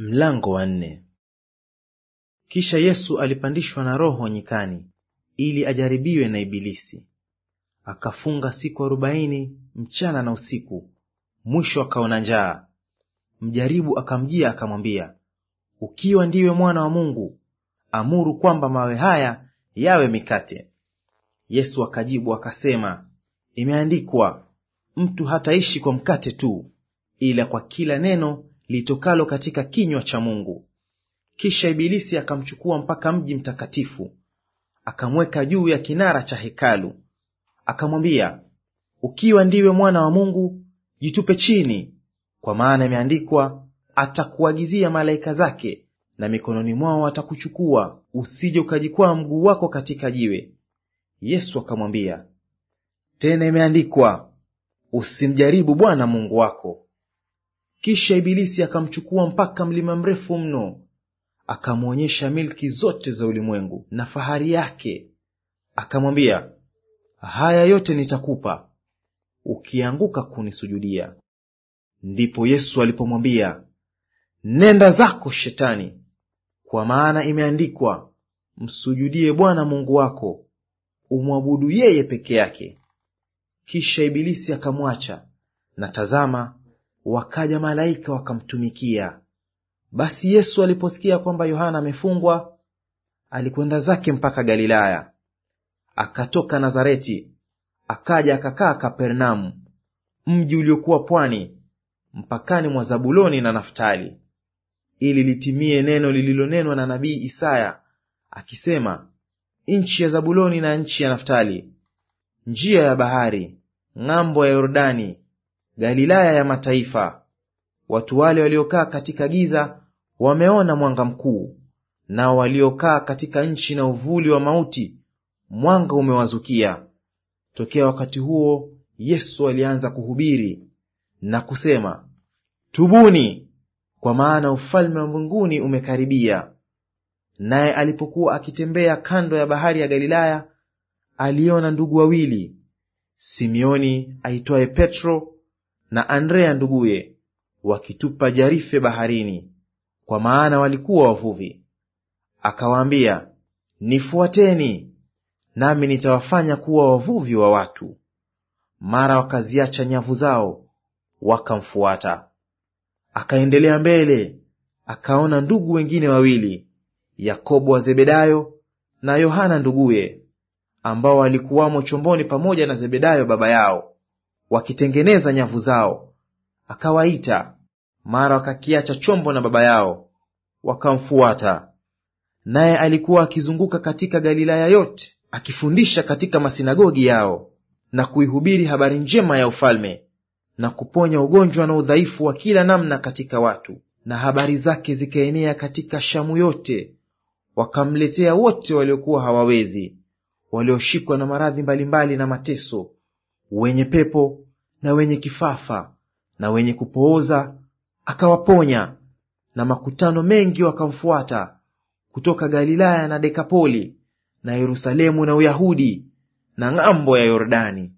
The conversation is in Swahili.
Mlango wa nne. Kisha Yesu alipandishwa na Roho nyikani ili ajaribiwe na Ibilisi. Akafunga siku arobaini mchana na usiku, mwisho akaona njaa. Mjaribu akamjia akamwambia, ukiwa ndiwe mwana wa Mungu, amuru kwamba mawe haya yawe mikate. Yesu akajibu akasema, imeandikwa, mtu hataishi kwa mkate tu, ila kwa kila neno litokalo katika kinywa cha Mungu. Kisha Ibilisi akamchukua mpaka mji mtakatifu, akamweka juu ya kinara cha hekalu, akamwambia, ukiwa ndiwe mwana wa Mungu, jitupe chini, kwa maana imeandikwa, atakuagizia malaika zake, na mikononi mwao atakuchukua, usije ukajikwaa mguu wako katika jiwe. Yesu akamwambia, tena imeandikwa, usimjaribu Bwana Mungu wako. Kisha Ibilisi akamchukua mpaka mlima mrefu mno, akamwonyesha milki zote za ulimwengu na fahari yake, akamwambia, haya yote nitakupa ukianguka kunisujudia. Ndipo Yesu alipomwambia, nenda zako Shetani, kwa maana imeandikwa, msujudie Bwana Mungu wako, umwabudu yeye peke yake. Kisha Ibilisi akamwacha, na tazama, wakaja malaika wakamtumikia. Basi Yesu aliposikia kwamba Yohana amefungwa, alikwenda zake mpaka Galilaya. Akatoka Nazareti, akaja akakaa kapernamu mji uliokuwa pwani, mpakani mwa Zabuloni na Naftali, ili litimie neno lililonenwa na nabii Isaya akisema, nchi ya Zabuloni na nchi ya Naftali, njia ya bahari, ng'ambo ya Yordani, Galilaya ya mataifa, watu wale waliokaa katika giza wameona mwanga mkuu, nao waliokaa katika nchi na uvuli wa mauti mwanga umewazukia. Tokea wakati huo Yesu alianza kuhubiri na kusema, tubuni, kwa maana ufalme wa mbinguni umekaribia. Naye alipokuwa akitembea kando ya bahari ya Galilaya, aliona ndugu wawili, Simioni aitwaye Petro na Andrea nduguye wakitupa jarife baharini, kwa maana walikuwa wavuvi. Akawaambia, nifuateni, nami nitawafanya kuwa wavuvi wa watu. Mara wakaziacha nyavu zao wakamfuata. Akaendelea mbele, akaona ndugu wengine wawili, Yakobo wa Zebedayo na Yohana nduguye, ambao walikuwamo chomboni pamoja na Zebedayo baba yao, wakitengeneza nyavu zao. Akawaita, mara wakakiacha chombo na baba yao, wakamfuata. Naye alikuwa akizunguka katika Galilaya yote, akifundisha katika masinagogi yao na kuihubiri habari njema ya ufalme na kuponya ugonjwa na udhaifu wa kila namna katika watu. Na habari zake zikaenea katika Shamu yote, wakamletea wote waliokuwa hawawezi, walioshikwa na maradhi mbalimbali na mateso, wenye pepo na wenye kifafa na wenye kupooza akawaponya. Na makutano mengi wakamfuata kutoka Galilaya na Dekapoli na Yerusalemu na Uyahudi na ng'ambo ya Yordani.